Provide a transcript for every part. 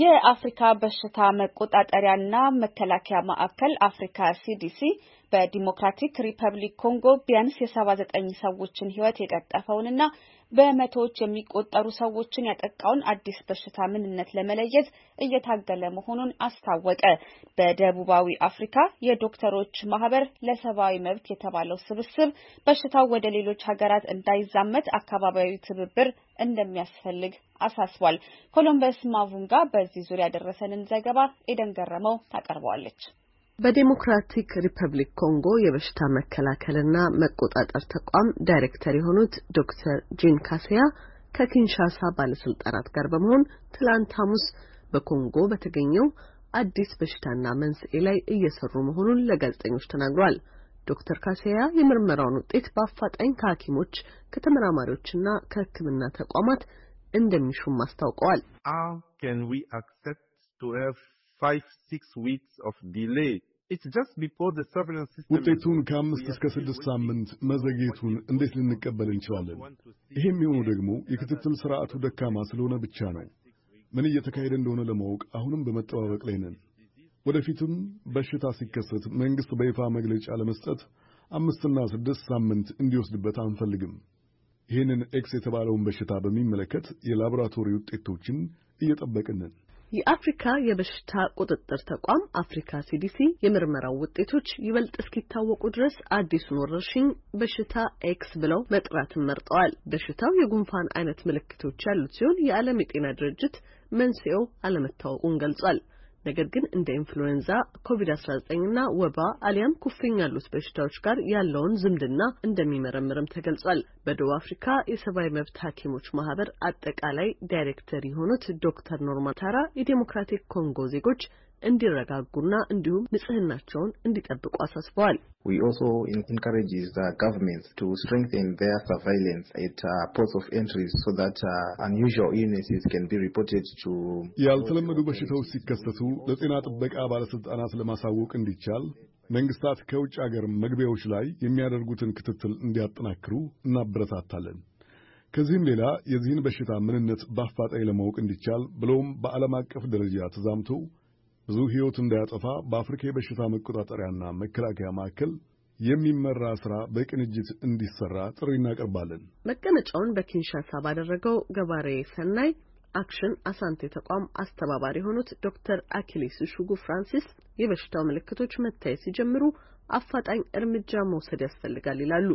የአፍሪካ በሽታ መቆጣጠሪያና መከላከያ ማዕከል አፍሪካ ሲዲሲ በዲሞክራቲክ ሪፐብሊክ ኮንጎ ቢያንስ የሰባ ዘጠኝ ሰዎችን ህይወት የቀጠፈውንና በመቶዎች የሚቆጠሩ ሰዎችን ያጠቃውን አዲስ በሽታ ምንነት ለመለየት እየታገለ መሆኑን አስታወቀ። በደቡባዊ አፍሪካ የዶክተሮች ማህበር ለሰብአዊ መብት የተባለው ስብስብ በሽታው ወደ ሌሎች ሀገራት እንዳይዛመት አካባቢያዊ ትብብር እንደሚያስፈልግ አሳስቧል። ኮሎምበስ ማቡንጋ በዚህ ዙሪያ ያደረሰንን ዘገባ ኤደን ገረመው ታቀርበዋለች። በዴሞክራቲክ ሪፐብሊክ ኮንጎ የበሽታ መከላከልና መቆጣጠር ተቋም ዳይሬክተር የሆኑት ዶክተር ጂን ካሴያ ከኪንሻሳ ባለስልጣናት ጋር በመሆን ትላንት ሐሙስ በኮንጎ በተገኘው አዲስ በሽታና መንስኤ ላይ እየሰሩ መሆኑን ለጋዜጠኞች ተናግሯል። ዶክተር ካሴያ የምርመራውን ውጤት በአፋጣኝ ከሐኪሞች ከተመራማሪዎችና ከሕክምና ተቋማት እንደሚሹም አስታውቀዋል። How can we accept to have five, six weeks of delay ውጤቱን ከአምስት እስከ ስድስት ሳምንት መዘግየቱን እንዴት ልንቀበል እንችላለን? ይሄ የሚሆኑ ደግሞ የክትትል ስርዓቱ ደካማ ስለሆነ ብቻ ነው። ምን እየተካሄደ እንደሆነ ለማወቅ አሁንም በመጠባበቅ ላይ ነን። ወደፊትም በሽታ ሲከሰት መንግሥት በይፋ መግለጫ ለመስጠት አምስትና ስድስት ሳምንት እንዲወስድበት አንፈልግም። ይህንን ኤክስ የተባለውን በሽታ በሚመለከት የላቦራቶሪ ውጤቶችን እየጠበቅንን የአፍሪካ የበሽታ ቁጥጥር ተቋም አፍሪካ ሲዲሲ የምርመራው ውጤቶች ይበልጥ እስኪታወቁ ድረስ አዲሱን ወረርሽኝ በሽታ ኤክስ ብለው መጥራትን መርጠዋል። በሽታው የጉንፋን አይነት ምልክቶች ያሉት ሲሆን የዓለም የጤና ድርጅት መንስኤው አለመታወቁን ገልጿል። ነገር ግን እንደ ኢንፍሉዌንዛ፣ ኮቪድ-19 እና ወባ አሊያም ኩፍኝ ያሉት በሽታዎች ጋር ያለውን ዝምድና እንደሚመረምርም ተገልጿል። በደቡብ አፍሪካ የሰብአዊ መብት ሐኪሞች ማህበር አጠቃላይ ዳይሬክተር የሆኑት ዶክተር ኖርማ ታራ የዴሞክራቲክ ኮንጎ ዜጎች እንዲረጋጉና እንዲሁም ንጽህናቸውን እንዲጠብቁ አሳስበዋል። We also encourage the government to strengthen their surveillance at uh, ports of entry so that uh, unusual illnesses can be reported to ያልተለመዱ በሽታዎች ሲከሰቱ ለጤና ጥበቃ ባለስልጣናት ለማሳወቅ እንዲቻል መንግስታት ከውጭ አገር መግቢያዎች ላይ የሚያደርጉትን ክትትል እንዲያጠናክሩ እናበረታታለን። ከዚህም ሌላ የዚህን በሽታ ምንነት በአፋጣኝ ለማወቅ እንዲቻል ብለውም በዓለም አቀፍ ደረጃ ተዛምቶ ብዙ ሕይወት እንዳያጠፋ በአፍሪካ የበሽታ መቆጣጠሪያና መከላከያ ማዕከል የሚመራ ስራ በቅንጅት እንዲሰራ ጥሪ እናቀርባለን። መቀመጫውን በኪንሻሳ ባደረገው ገባሬ ሰናይ አክሽን አሳንቴ ተቋም አስተባባሪ የሆኑት ዶክተር አኪሌስ ሹጉ ፍራንሲስ የበሽታው ምልክቶች መታየት ሲጀምሩ አፋጣኝ እርምጃ መውሰድ ያስፈልጋል ይላሉ።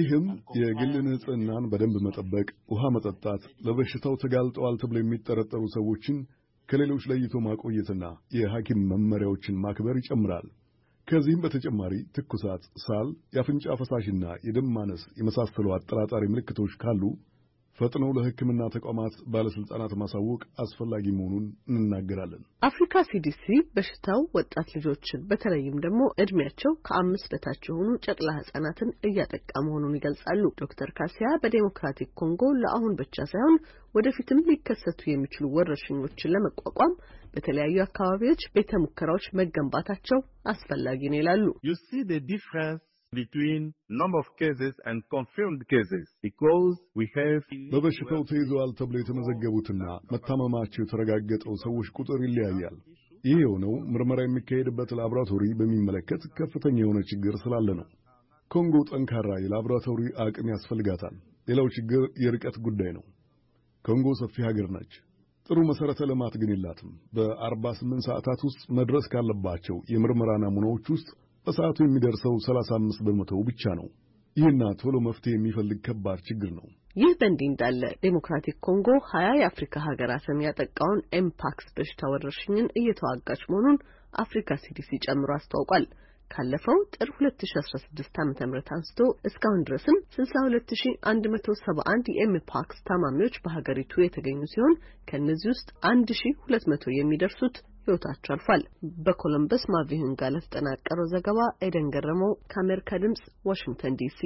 ይህም የግል ንጽህናን በደንብ መጠበቅ፣ ውሃ መጠጣት፣ ለበሽታው ተጋልጠዋል ተብሎ የሚጠረጠሩ ሰዎችን ከሌሎች ለይቶ ማቆየትና የሐኪም መመሪያዎችን ማክበር ይጨምራል። ከዚህም በተጨማሪ ትኩሳት፣ ሳል፣ የአፍንጫ ፈሳሽና የደም ማነስ የመሳሰሉ አጠራጣሪ ምልክቶች ካሉ ፈጥነው ለሕክምና ተቋማት ባለስልጣናት ማሳወቅ አስፈላጊ መሆኑን እንናገራለን። አፍሪካ ሲዲሲ በሽታው ወጣት ልጆችን በተለይም ደግሞ እድሜያቸው ከአምስት በታች የሆኑ ጨቅላ ህጻናትን እያጠቃ መሆኑን ይገልጻሉ። ዶክተር ካሲያ በዴሞክራቲክ ኮንጎ ለአሁን ብቻ ሳይሆን ወደፊትም ሊከሰቱ የሚችሉ ወረርሽኞችን ለመቋቋም በተለያዩ አካባቢዎች ቤተ ሙከራዎች መገንባታቸው አስፈላጊ ነው ይላሉ። between number of cases and confirmed cases because we have በበሽታው ተይዘዋል ተብሎ የተመዘገቡትና መታመማቸው የተረጋገጠው ሰዎች ቁጥር ይለያያል። ይህ የሆነው ምርመራ የሚካሄድበት ላቦራቶሪ በሚመለከት ከፍተኛ የሆነ ችግር ስላለ ነው። ኮንጎ ጠንካራ የላብራቶሪ አቅም ያስፈልጋታል። ሌላው ችግር የርቀት ጉዳይ ነው። ኮንጎ ሰፊ ሀገር ነች። ጥሩ መሰረተ ልማት ግን የላትም። በ48 ሰዓታት ውስጥ መድረስ ካለባቸው የምርመራ ናሙናዎች ውስጥ በሰዓቱ የሚደርሰው 35 በመቶ ብቻ ነው። ይህና ቶሎ መፍትሄ የሚፈልግ ከባድ ችግር ነው። ይህ በእንዲህ እንዳለ ዴሞክራቲክ ኮንጎ ሀያ የአፍሪካ ሀገራትን ያጠቃውን ኤምፓክስ በሽታ ወረርሽኝን እየተዋጋች መሆኑን አፍሪካ ሲዲሲ ጨምሮ አስታውቋል። ካለፈው ጥር 2016 ዓ.ም አንስቶ እስካሁን ድረስም 62171 የኤምፓክስ ታማሚዎች በሀገሪቱ የተገኙ ሲሆን ከእነዚህ ውስጥ 1200 የሚደርሱት ህይወታቸው አልፏል። በኮሎምበስ ማቪህንጋ ለተጠናቀረው ዘገባ ኤደን ገረመው ከአሜሪካ ድምጽ ዋሽንግተን ዲሲ